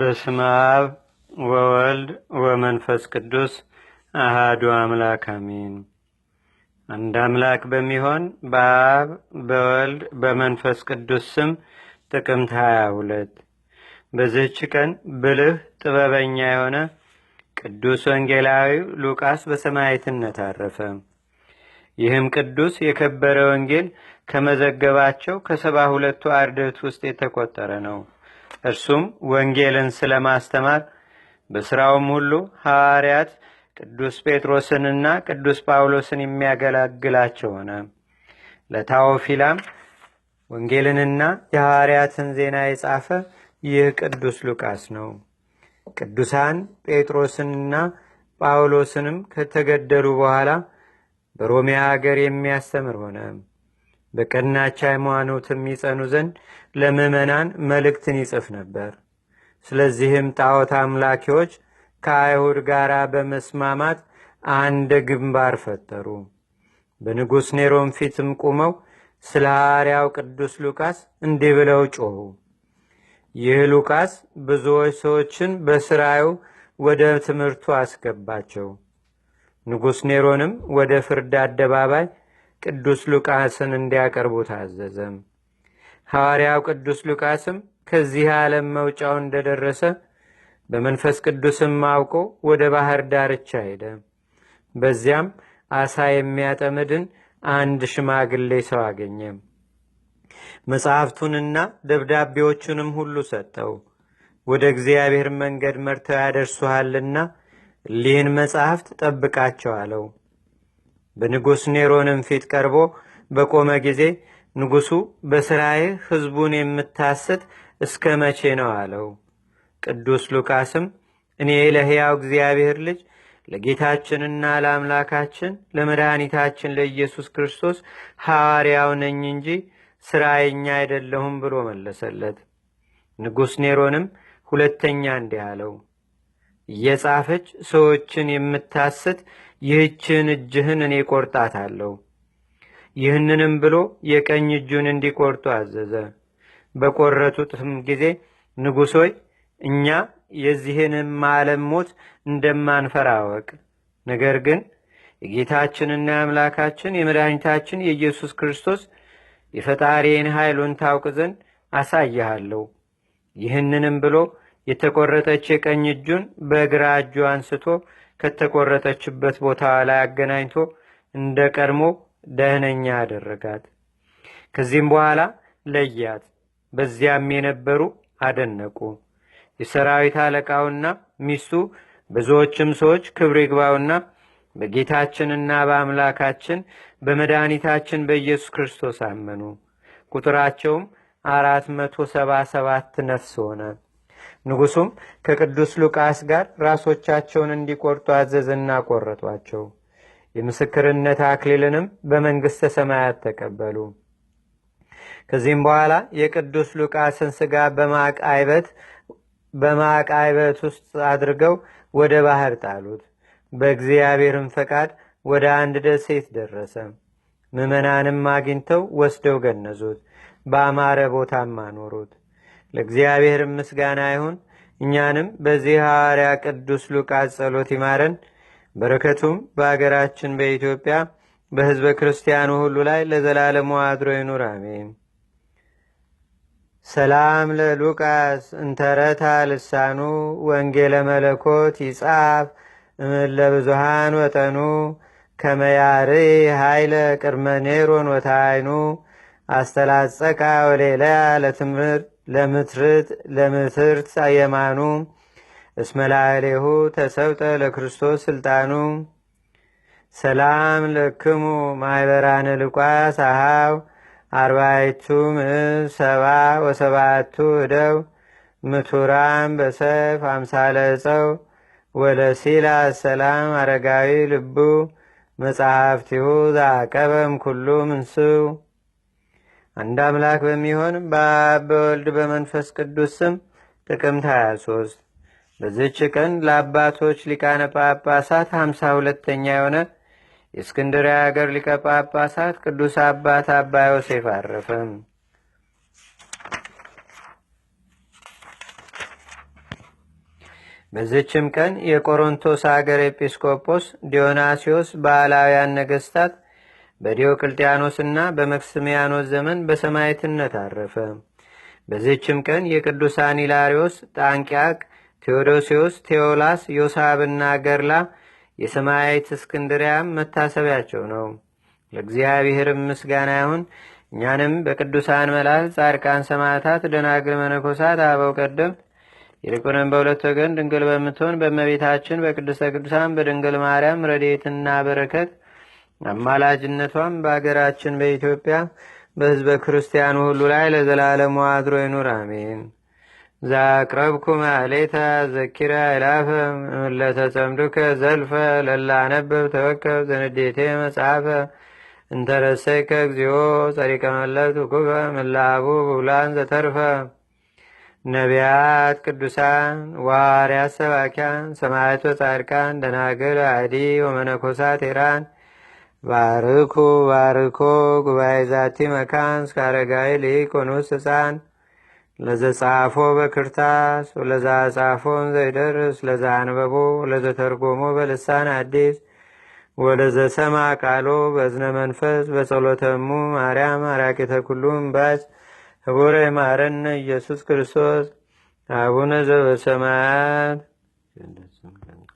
በስመ አብ ወወልድ ወመንፈስ ቅዱስ አህዱ አምላክ አሜን። አንድ አምላክ በሚሆን በአብ በወልድ በመንፈስ ቅዱስ ስም ጥቅምት ሀያ ሁለት በዚህች ቀን ብልህ ጥበበኛ የሆነ ቅዱስ ወንጌላዊ ሉቃስ በሰማዕትነት አረፈ። ይህም ቅዱስ የከበረ ወንጌል ከመዘገባቸው ከሰባ ሁለቱ አርድእት ውስጥ የተቆጠረ ነው። እርሱም ወንጌልን ስለ ማስተማር በሥራውም ሁሉ ሐዋርያት ቅዱስ ጴጥሮስንና ቅዱስ ጳውሎስን የሚያገላግላቸው ሆነ። ለታዎፊላም ወንጌልንና የሐዋርያትን ዜና የጻፈ ይህ ቅዱስ ሉቃስ ነው። ቅዱሳን ጴጥሮስንና ጳውሎስንም ከተገደሉ በኋላ በሮሜ አገር የሚያስተምር ሆነ። በቀናች ሃይማኖትም ይጸኑ ዘንድ ለምእመናን መልእክትን ይጽፍ ነበር። ስለዚህም ጣዖት አምላኪዎች ከአይሁድ ጋር በመስማማት አንድ ግንባር ፈጠሩ። በንጉሥ ኔሮን ፊትም ቁመው ስለ ሐዋርያው ቅዱስ ሉቃስ እንዲህ ብለው ጮኹ። ይህ ሉቃስ ብዙዎች ሰዎችን በሥራዩ ወደ ትምህርቱ አስገባቸው። ንጉሥ ኔሮንም ወደ ፍርድ አደባባይ ቅዱስ ሉቃስን እንዲያቀርቡ ታዘዘም። ሐዋርያው ቅዱስ ሉቃስም ከዚህ ዓለም መውጫው እንደደረሰ በመንፈስ ቅዱስም አውቆ ወደ ባህር ዳርቻ ሄደ። በዚያም አሳ የሚያጠምድን አንድ ሽማግሌ ሰው አገኘ። መጽሐፍቱንና ደብዳቤዎቹንም ሁሉ ሰጠው። ወደ እግዚአብሔር መንገድ መርተው ያደርሱሃልና ሊህን መጻሕፍት ጠብቃቸው አለው። በንጉሥ ኔሮንም ፊት ቀርቦ በቆመ ጊዜ ንጉሡ በሥራዬ ሕዝቡን የምታስት እስከ መቼ ነው አለው። ቅዱስ ሉቃስም እኔ ለሕያው እግዚአብሔር ልጅ ለጌታችንና ለአምላካችን ለመድኃኒታችን ለኢየሱስ ክርስቶስ ሐዋርያው ነኝ እንጂ ሥራዬኛ አይደለሁም ብሎ መለሰለት። ንጉሥ ኔሮንም ሁለተኛ እንዲህ አለው፣ እየጻፈች ሰዎችን የምታስት ይህችን እጅህን እኔ ቆርጣታለሁ። ይህንንም ብሎ የቀኝ እጁን እንዲቆርጡ አዘዘ። በቆረቱትም ጊዜ ንጉሶይ እኛ የዚህንም ዓለም ሞት እንደማንፈራ ወቅ ነገር ግን የጌታችንና የአምላካችን የመድኃኒታችን የኢየሱስ ክርስቶስ የፈጣሪን ኃይሉን ታውቅ ዘንድ አሳይሃለሁ። ይህንንም ብሎ የተቆረጠች የቀኝ እጁን በግራ እጁ አንስቶ ከተቆረጠችበት ቦታ ላይ አገናኝቶ እንደ ቀድሞ ደህነኛ አደረጋት። ከዚህም በኋላ ለያት። በዚያም የነበሩ አደነቁ። የሰራዊት አለቃውና ሚስቱ ብዙዎችም ሰዎች ክብር ይግባውና በጌታችንና በአምላካችን በመድኃኒታችን በኢየሱስ ክርስቶስ አመኑ። ቁጥራቸውም አራት መቶ ሰባ ሰባት ነፍስ ሆነ። ንጉሱም ከቅዱስ ሉቃስ ጋር ራሶቻቸውን እንዲቆርጡ አዘዝና ቆረጧቸው። የምስክርነት አክሊልንም በመንግሥተ ሰማያት ተቀበሉ። ከዚህም በኋላ የቅዱስ ሉቃስን ሥጋ በማቅ አይበት ውስጥ አድርገው ወደ ባህር ጣሉት። በእግዚአብሔርም ፈቃድ ወደ አንድ ደሴት ደረሰ። ምመናንም አግኝተው ወስደው ገነዙት፣ በአማረ ቦታም አኖሩት። ለእግዚአብሔር ምስጋና ይሁን እኛንም በዚህ ሐዋርያ ቅዱስ ሉቃስ ጸሎት ይማረን በረከቱም በአገራችን በኢትዮጵያ በህዝበ ክርስቲያኑ ሁሉ ላይ ለዘላለሙ አድሮ ይኑር አሜን ሰላም ለሉቃስ እንተረታ ልሳኑ ወንጌለ መለኮት ይጻፍ እምለ ብዙሃን ወጠኑ ከመያሪ ኃይለ ቅድመ ኔሮን ወታይኑ አስተላጸቃ ወሌላ ለትምህርት ለምትርት የማኑ እስመ እስመላሌሁ ተሰብጠ ለክርስቶስ ስልጣኑ ሰላም ለክሙ ማኅበራነ ልቋ ሳሃው አርባይቱ ምዕዝ ሰባ ወሰባቱ እደው ምቱራን በሰፍ አምሳለፀው ወለሲላ ሰላም አረጋዊ ልቡ መጽሐፍቲሁ ዛቀበም ኩሉ ምንስው አንድ አምላክ በሚሆን በአብ በወልድ በመንፈስ ቅዱስ ስም ጥቅምት 23 በዚች ቀን ለአባቶች ሊቃነ ጳጳሳት ሃምሳ ሁለተኛ የሆነ የእስክንድሪያ አገር ሊቀ ጳጳሳት ቅዱስ አባት አባ ዮሴፍ አረፈም በዝችም ቀን የቆሮንቶስ አገር ኤጲስቆጶስ ዲዮናሲዮስ ባህላውያን ነገስታት በዲዮቅልጥያኖስና በመክስሚያኖስ ዘመን በሰማይትነት አረፈ። በዚህችም ቀን የቅዱሳን ኢላሪዮስ፣ ጣንቅያቅ፣ ቴዎዶሲዎስ ቴዎላስ፣ ዮሳብና ገርላ የሰማያዊት እስክንድሪያም መታሰቢያቸው ነው። ለእግዚአብሔር ምስጋና ይሁን። እኛንም በቅዱሳን መላእክት፣ ጻድቃን፣ ሰማዕታት፣ ደናግል፣ መነኮሳት፣ አበው ቀደም ይልቁንም በሁለት ወገን ድንግል በምትሆን በመቤታችን በቅድስተ ቅዱሳን በድንግል ማርያም ረዴትና በረከት አማላጅነቷም በአገራችን በኢትዮጵያ በህዝበ ክርስቲያኑ ሁሉ ላይ ለዘላለሙ አድሮ ይኑር፣ አሜን። ዛቅረብኩ ማሌታ ዘኪራ ይላፈ መለተ ጸምዱከ ዘልፈ ለላነበብ ተወከብ ዘንዴቴ መጽሐፈ እንተረሰይከ እግዚኦ ጸሪቀ መለት ኩበ ምላቡ ብሁላን ዘተርፈ ነቢያት፣ ቅዱሳን፣ ዋርያ ሰባኪያን፣ ሰማያት፣ ወጻድቃን፣ ደናግል፣ አዲ ወመነኮሳት ኢራን ባርኩ ባርኮ ጉባኤ ዛቲ መካን እስካረጋዊ ልኢክ ወንኡስ ህፃን ለዘጻፎ በክርታስ ወለዛ ጻፎን ዘይደርስ ለዛ አንበቦ ለዘተርጎሞ በልሳን አዲስ ወለዘ ሰማ ቃሎ በዝነ መንፈስ በጸሎተሙ ማርያም አራቂተ ኩሉም ባስ ህቡረ ማረነ ኢየሱስ ክርስቶስ አቡነ ዘበሰማያት